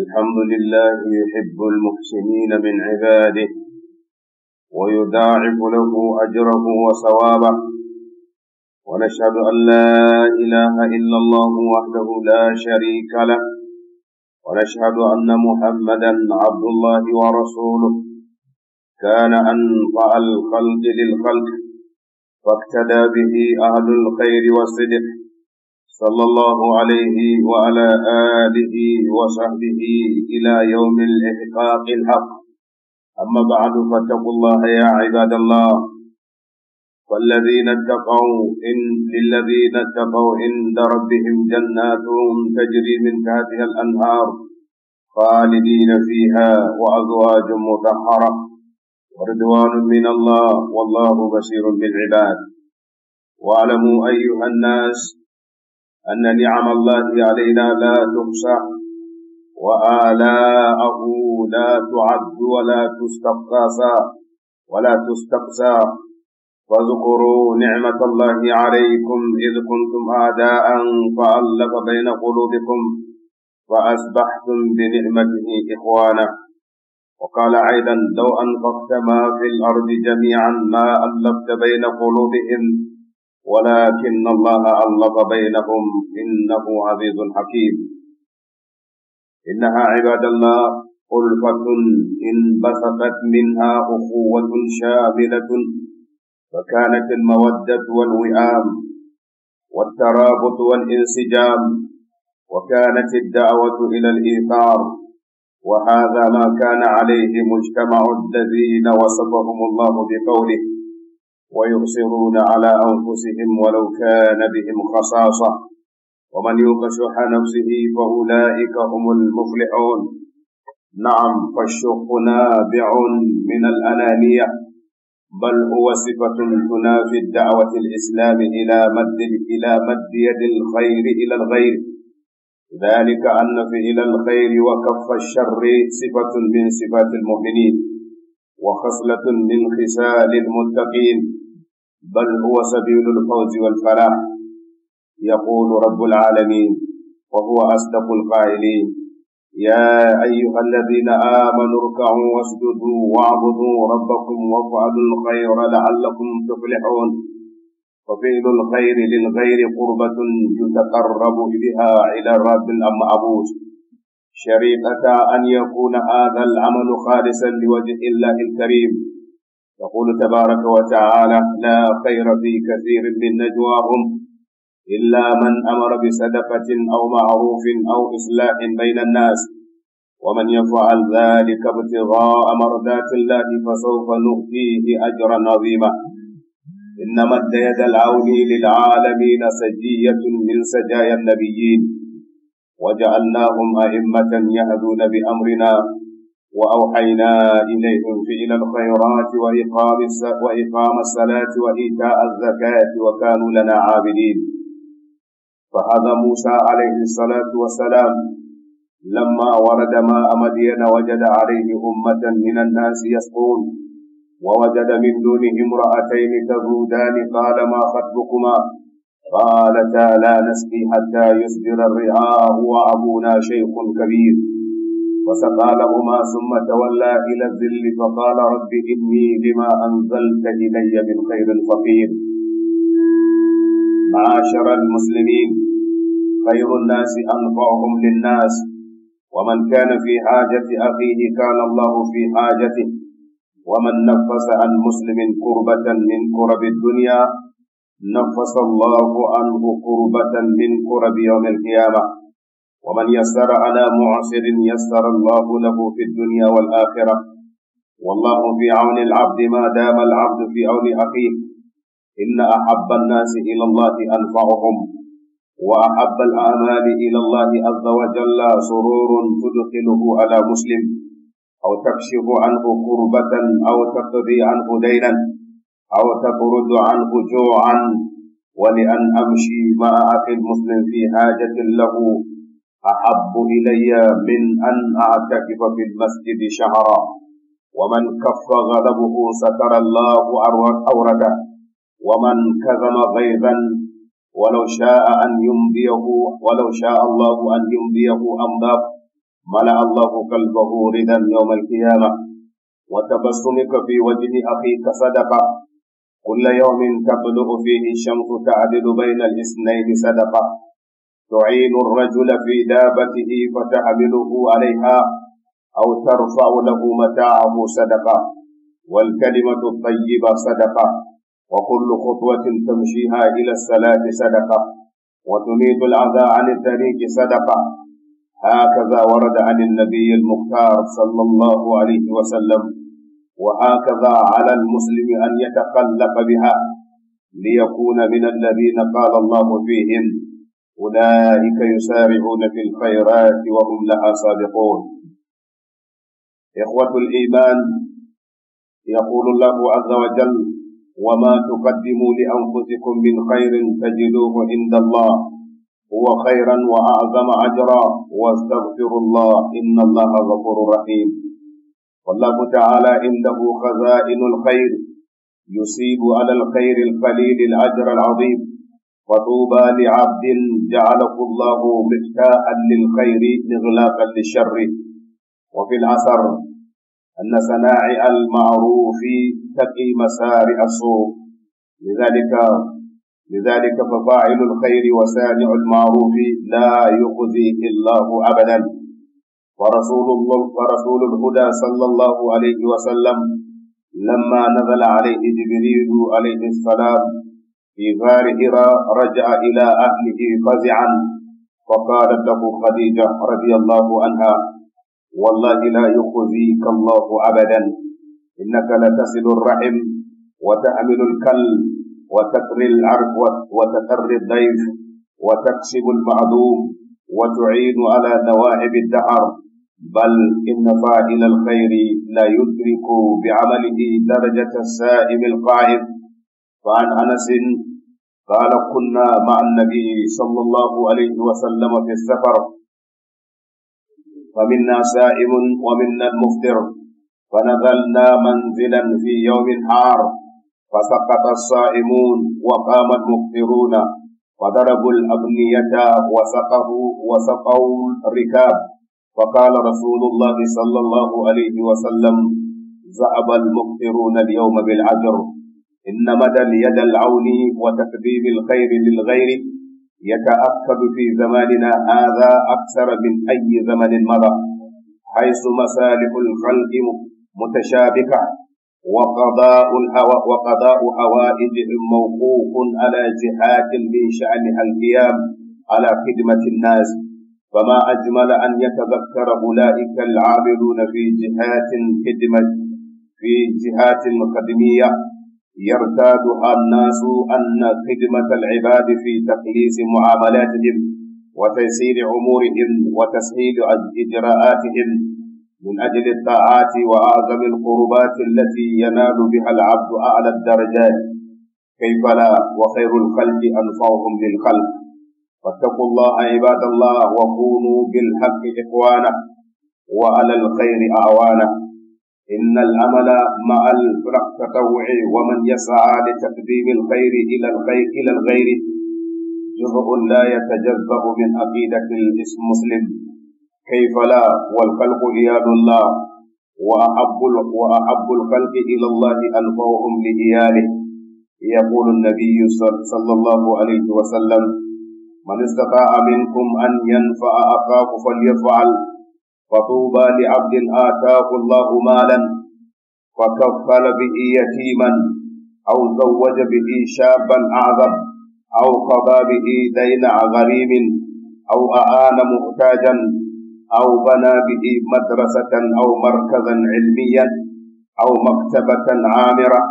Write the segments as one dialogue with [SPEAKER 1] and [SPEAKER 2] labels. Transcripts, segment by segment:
[SPEAKER 1] الحمد لله يحب المحسنين من عباده ويداعب له أجره وثوابه ونشهد أن لا إله إلا الله وحده لا شريك له ونشهد أن محمدا عبد الله ورسوله كان انطا الخلق للخلق فاقتدى به أهل الخير والصدق صلى الله عليه وعلى آله وصحبه إلى يوم الإحقاق الحق أما بعد فاتقوا الله يا عباد الله والذين اتقوا إن للذين اتقوا عند ربهم جنات تجري من تحتها الأنهار خالدين فيها وأزواج مطهرة ورضوان من الله والله بصير بالعباد واعلموا أيها الناس أن نعم الله علينا لا تحصى وآلاءه لا تعد ولا تستقصى ولا تستقصى فاذكروا نعمة الله عليكم إذ كنتم أعداء فألف بين قلوبكم فأصبحتم بنعمته إخوانا وقال أيضا لو أنفقت ما في الأرض جميعا ما ألفت بين قلوبهم ولكن الله ألف بينهم إنه عزيز حكيم إنها عباد الله ألفة انبثقت منها أخوة شاملة فكانت المودة والوئام والترابط والانسجام وكانت الدعوة إلى الإيثار وهذا ما كان عليه مجتمع الذين وصفهم الله بقوله ويبصرون على أنفسهم ولو كان بهم خصاصة ومن يوق شح نفسه فأولئك هم المفلحون نعم فالشح نابع من الأنانية بل هو صفة تنافي الدعوة الإسلام إلى مد إلى مد يد الخير إلى الغير ذلك أن فعل الخير وكف الشر صفة من صفات المؤمنين وخصلة من خصال المتقين بل هو سبيل الفوز والفلاح يقول رب العالمين وهو أصدق القائلين يا أيها الذين آمنوا اركعوا واسجدوا واعبدوا ربكم وافعلوا الخير لعلكم تفلحون وفعل الخير للغير قربة يتقرب بها إلى الرب أبوس شريطة أن يكون هذا العمل خالصا لوجه الله الكريم يقول تبارك وتعالى لا خير في كثير من نجواهم إلا من أمر بصدقة أو معروف أو إصلاح بين الناس ومن يفعل ذلك ابتغاء مرضات الله فسوف نؤتيه أجرا عظيما إن مد يد العون للعالمين سجية من سجايا النبيين وجعلناهم أئمة يهدون بأمرنا وأوحينا إليهم فعل الخيرات وإقام وإقام الصلاة وإيتاء الزكاة وكانوا لنا عابدين فهذا موسى عليه الصلاة والسلام لما ورد ماء مدين وجد عليه أمة من الناس يسقون ووجد من دونه امرأتين تذودان قال ما خطبكما قالتا لا نسقي حتى يصدر الرعاء وأبونا شيخ كبير وسقى لهما ثم تولى إلى الذل فقال رب إني لما أنزلت إلي من خير فقير معاشر المسلمين خير الناس أنفعهم للناس ومن كان في حاجة أخيه كان الله في حاجته ومن نفس عن مسلم كربة من كرب الدنيا نفس الله عنه كربة من كرب يوم القيامة ومن يسر على معسر يسر الله له في الدنيا والآخرة والله في عون العبد ما دام العبد في عون أخيه إن أحب الناس إلى الله أنفعهم وأحب الأعمال إلى الله عز وجل سرور تدخله على مسلم أو تكشف عنه كربة أو تقضي عنه دينا أو تطرد عنه جوعا ولأن أمشي مع أخي المسلم في حاجة له أحب إلي من أن أعتكف في المسجد شهرا ومن كف غضبه ستر الله أورده ومن كظم غيظا ولو شاء أن يمضيه ولو شاء الله أن يمضيه أمضاه ملأ الله قلبه رضا يوم القيامة وتبسمك في وجه أخيك صدقة كل يوم تبلغ فيه الشمس تعدل بين الاثنين صدقة تعين الرجل في دابته فتحمله عليها أو ترفع له متاعه صدقة والكلمة الطيبة صدقة وكل خطوة تمشيها إلى الصلاة صدقة وتميت الأذى عن الطريق صدقة هكذا ورد عن النبي المختار صلى الله عليه وسلم وهكذا على المسلم أن يتقلق بها ليكون من الذين قال الله فيهم أولئك يسارعون في الخيرات وهم لها صادقون إخوة الإيمان يقول الله عز وجل وما تقدموا لأنفسكم من خير تجدوه عند الله هو خيرا وأعظم أجرا واستغفروا الله إن الله غفور رحيم والله تعالى عنده خزائن الخير يصيب على الخير القليل الأجر العظيم وطوبى لعبد جعله الله مفتاحا للخير إغلاقا للشر وفي الأثر أن صناعع المعروف تقي مسارع السوء لذلك لذلك ففاعل الخير وسانع المعروف لا يخزيه الله أبدا ورسول الله ورسول الهدى صلى الله عليه وسلم لما نزل عليه جبريل عليه السلام في غار هراء رجع إلى أهله فزعا فقالت له خديجة رضي الله عنها والله لا يخزيك الله أبدا إنك لتصل الرحم وتحمل الكلب وتقري العرق وتقري الضيف وتكسب المعدوم وتعين على ذوائب الدهر بل إن فاعل الخير لا يدرك بعمله درجة السائم القائم وعن أنس قال كنا مع النبي صلى الله عليه وسلم في السفر فمنا سائم ومنا المفطر فنزلنا منزلا في يوم حار فسقط الصائمون وقام المفطرون فضربوا الأغنية وسقوا وسقوا الركاب فقال رسول الله صلى الله عليه وسلم زعب المفطرون اليوم بالعجر إن مدى اليد العون وتقديم الخير للغير يتأكد في زماننا هذا أكثر من أي زمن مضى حيث مسالك الخلق متشابكة وقضاء الهوى وقضاء حوائجهم موقوف على جهات من شأنها القيام على خدمة الناس فما أجمل أن يتذكر أولئك العاملون في جهات خدمة في جهات خدمية يرتادها الناس أن خدمة العباد في تقليص معاملاتهم وتيسير أمورهم وتسهيل إجراءاتهم من أجل الطاعات وأعظم القربات التي ينال بها العبد أعلى الدرجات كيف لا وخير الخلق أنفعهم للخلق فاتقوا الله عباد الله وكونوا بالحق إخوانا وعلى الخير أعوانا إن الأمل مع الفرق تطوعي ومن يسعى لتقديم الخير إلى الخير إلى الغير جزء لا يتجذب من عقيدة المسلم كيف لا والخلق عياد الله وأحب وأحب الخلق إلى الله أنفعهم لعياله يقول النبي صلى الله عليه وسلم من استطاع منكم أن ينفع أخاه فليفعل فطوبى لعبد آتاه الله مالا فكفل به يتيما أو زوج به شابا أعظم أو قضى به دين غريم أو أعان محتاجا أو بنى به مدرسة أو مركزا علميا أو مكتبة عامرة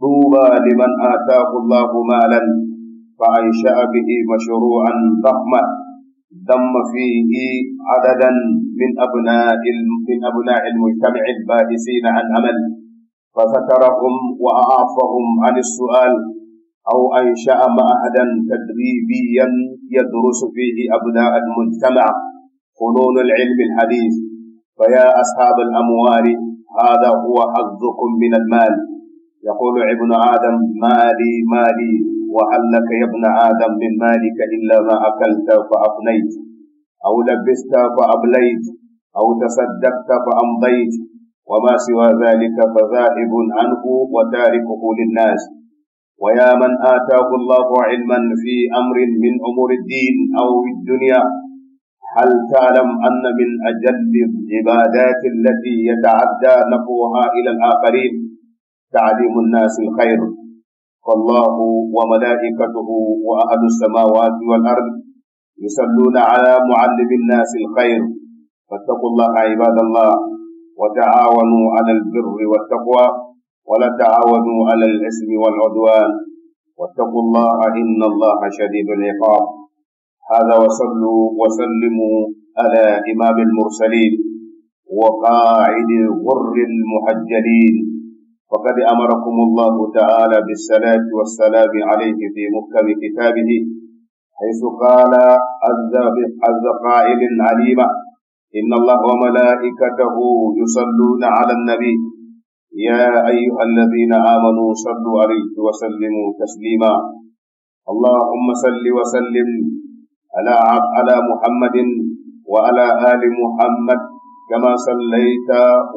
[SPEAKER 1] طوبى لمن آتاه الله مالا فأنشأ به مشروعا ضخما ذم فيه عددا من أبناء من أبناء المجتمع البائسين عن أمل فذكرهم وأعافهم عن السؤال أو أنشأ معهدا تدريبيا يدرس فيه أبناء المجتمع فنون العلم الحديث فيا أصحاب الأموال هذا هو حظكم من المال يقول ابن آدم مالي مالي وهل لك يا ابن آدم من مالك إلا ما أكلت فأفنيت أو لبست فأبليت أو تصدقت فأمضيت وما سوى ذلك فذاهب عنه وتاركه للناس ويا من آتاه الله علما في أمر من أمور الدين أو الدنيا هل تعلم أن من أجل العبادات التي يتعدى نفوها إلى الآخرين تعليم الناس الخير فالله وملائكته وأهل السماوات والأرض يصلون على معلم الناس الخير فاتقوا الله عباد الله وتعاونوا على البر والتقوى ولا تعاونوا على الإثم والعدوان واتقوا الله إن الله شديد العقاب هذا وصلوا وسلموا على إمام المرسلين وقاعد غر المحجلين وقد أمركم الله تعالى بالصلاة والسلام عليه في محكم كتابه حيث قال عز قائل عليما إن الله وملائكته يصلون على النبي يا أيها الذين آمنوا صلوا عليه وسلموا تسليما اللهم صل وسلم على على محمد وعلى آل محمد كما صليت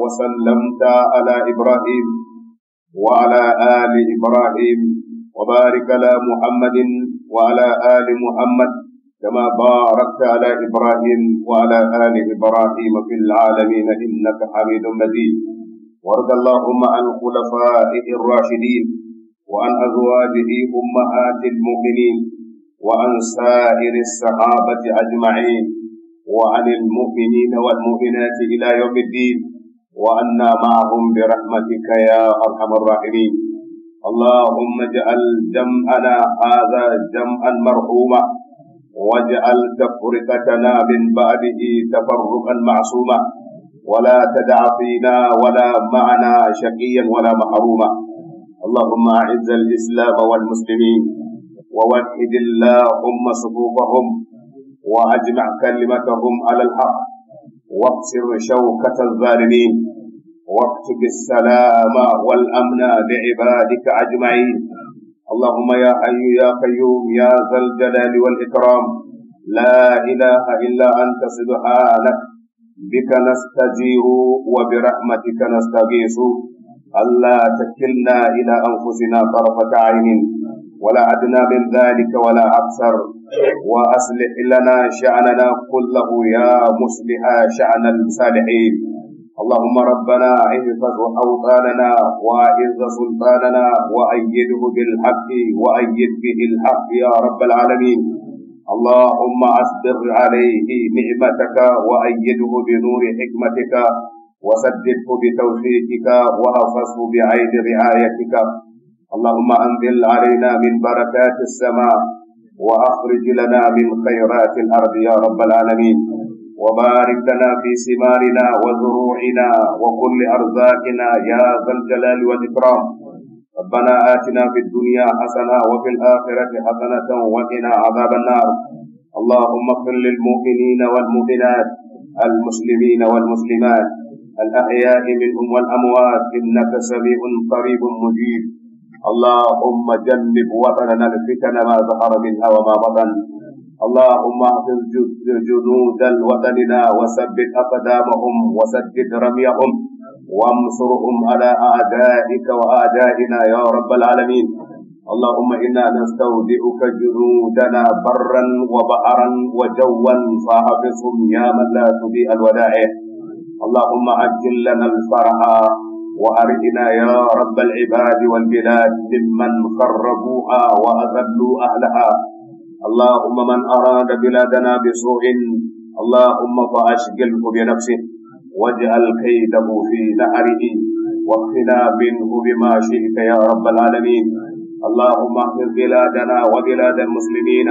[SPEAKER 1] وسلمت على إبراهيم وعلى آل إبراهيم وبارك على محمد وعلى آل محمد كما باركت على إبراهيم وعلى آل إبراهيم في العالمين إنك حميد مجيد وارض اللهم عن خلفائه الراشدين وعن أزواجه أمهات المؤمنين وعن سائر الصحابة أجمعين وعن المؤمنين والمؤمنات إلى يوم الدين وعنا معهم برحمتك يا أرحم الراحمين اللهم اجعل جمعنا هذا جمعا مرحوما واجعل تفرقتنا من بعده تفرقا معصوما ولا تدع فينا ولا معنا شقيا ولا محروما اللهم اعز الاسلام والمسلمين ووحد اللهم صفوفهم واجمع كلمتهم على الحق واقصر شوكه الظالمين واكتب السلام والأمن لعبادك أجمعين اللهم يا حي يا قيوم يا ذا الجلال والإكرام لا إله إلا أنت سبحانك بك نستجير وبرحمتك نستغيث ألا تكلنا إلى أنفسنا طرفة عين ولا أدنى من ذلك ولا أكثر وأصلح لنا شأننا كله يا مصلح شأن المصالحين اللهم ربنا اعز اوطاننا واعز سلطاننا وايده بالحق وايد به الحق يا رب العالمين اللهم اصبر عليه نعمتك وايده بنور حكمتك وسدده بتوفيقك وافسه بعين رعايتك اللهم انزل علينا من بركات السماء واخرج لنا من خيرات الارض يا رب العالمين وبارك لنا في ثمارنا وزروعنا وكل أرزاقنا يا ذا الجلال والإكرام ربنا آتنا في الدنيا حسنة وفي الآخرة حسنة وقنا عذاب النار اللهم اغفر للمؤمنين والمؤمنات المسلمين والمسلمات الأحياء منهم والأموات إنك سميع قريب مجيب اللهم جنب وطننا الفتن ما ظهر منها وما بطن اللهم اغفر جنود وطننا وثبت اقدامهم وسدد رميهم وانصرهم على اعدائك واعدائنا يا رب العالمين اللهم انا نستودعك جنودنا برا وبحرا وجوا فاحفظهم يا من لا تضيء الودائع اللهم عجل لنا الفرح وأرئنا يا رب العباد والبلاد ممن خربوها وأذلوا أهلها اللهم من أراد بلادنا بسوء اللهم فأشغله بنفسه واجعل كيده في نحره واقتنا منه بما شئت يا رب العالمين اللهم احفظ بلادنا وبلاد المسلمين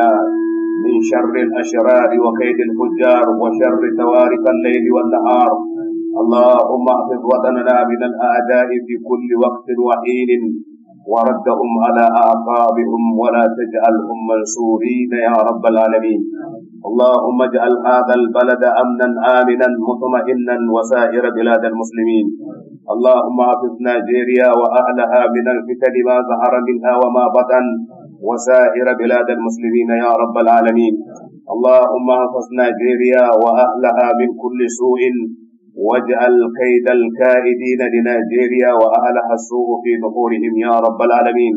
[SPEAKER 1] من شر الأشرار وكيد الفجار وشر توارث الليل والنهار اللهم احفظ وطننا من الأعداء في كل وقت وحين وردهم على أعقابهم ولا تجعلهم منصورين يا رب العالمين اللهم اجعل هذا البلد أمنا آمنا مطمئنا وسائر بلاد المسلمين اللهم حفظ نيجيريا وأهلها من الفتن ما ظهر منها وما بطن وسائر بلاد المسلمين يا رب العالمين اللهم احفظ نيجيريا وأهلها من كل سوء واجعل كيد الكائدين لنيجيريا واهلها السوء في نحورهم يا رب العالمين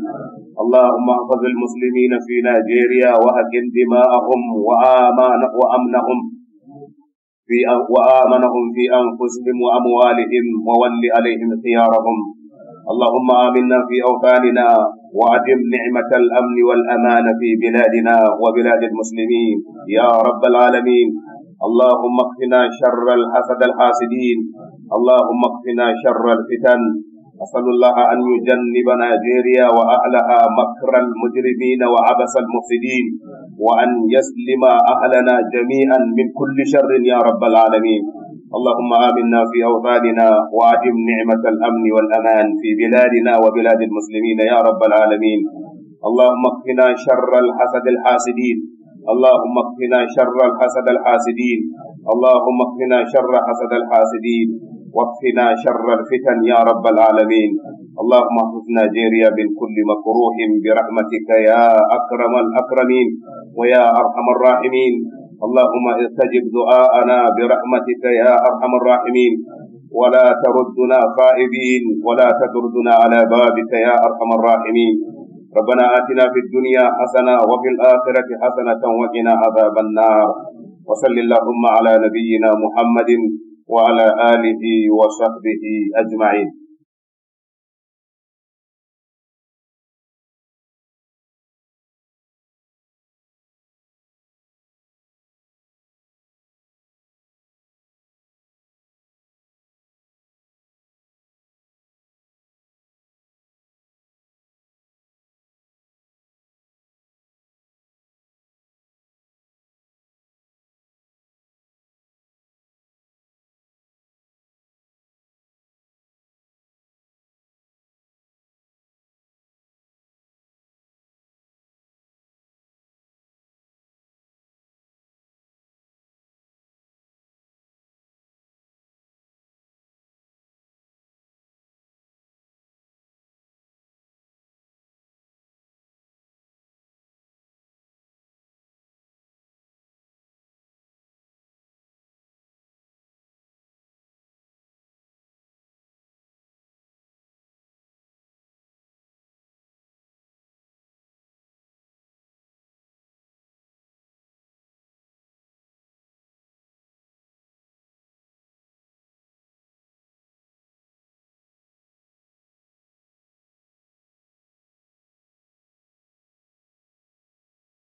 [SPEAKER 1] اللهم احفظ المسلمين في نيجيريا واكن دماءهم وامنهم في وامنهم في انفسهم واموالهم وول عليهم خيارهم اللهم امنا في اوطاننا وادم نعمه الامن والامان في بلادنا وبلاد المسلمين يا رب العالمين اللهم اكفنا شر الحسد الحاسدين اللهم اكفنا شر الفتن أسأل الله أن يجنبنا جيريا وأهلها مكر المجرمين وعبس المفسدين وأن يسلم أهلنا جميعا من كل شر يا رب العالمين اللهم آمنا في أوطاننا وأجم نعمة الأمن والأمان في بلادنا وبلاد المسلمين يا رب العالمين اللهم اكفنا شر الحسد الحاسدين اللهم اكفنا شر الحسد الحاسدين اللهم اكفنا شر حسد الحاسدين واكفنا شر الفتن يا رب العالمين اللهم احفظنا جيريا من كل مكروه برحمتك يا اكرم الاكرمين ويا ارحم الراحمين اللهم استجب دعاءنا برحمتك يا ارحم الراحمين ولا تردنا خائبين ولا تدردنا على بابك يا ارحم الراحمين ربنا آتنا في الدنيا حسنة وفي الآخرة حسنة وقنا عذاب النار وصل اللهم على نبينا محمد وعلى آله وصحبه أجمعين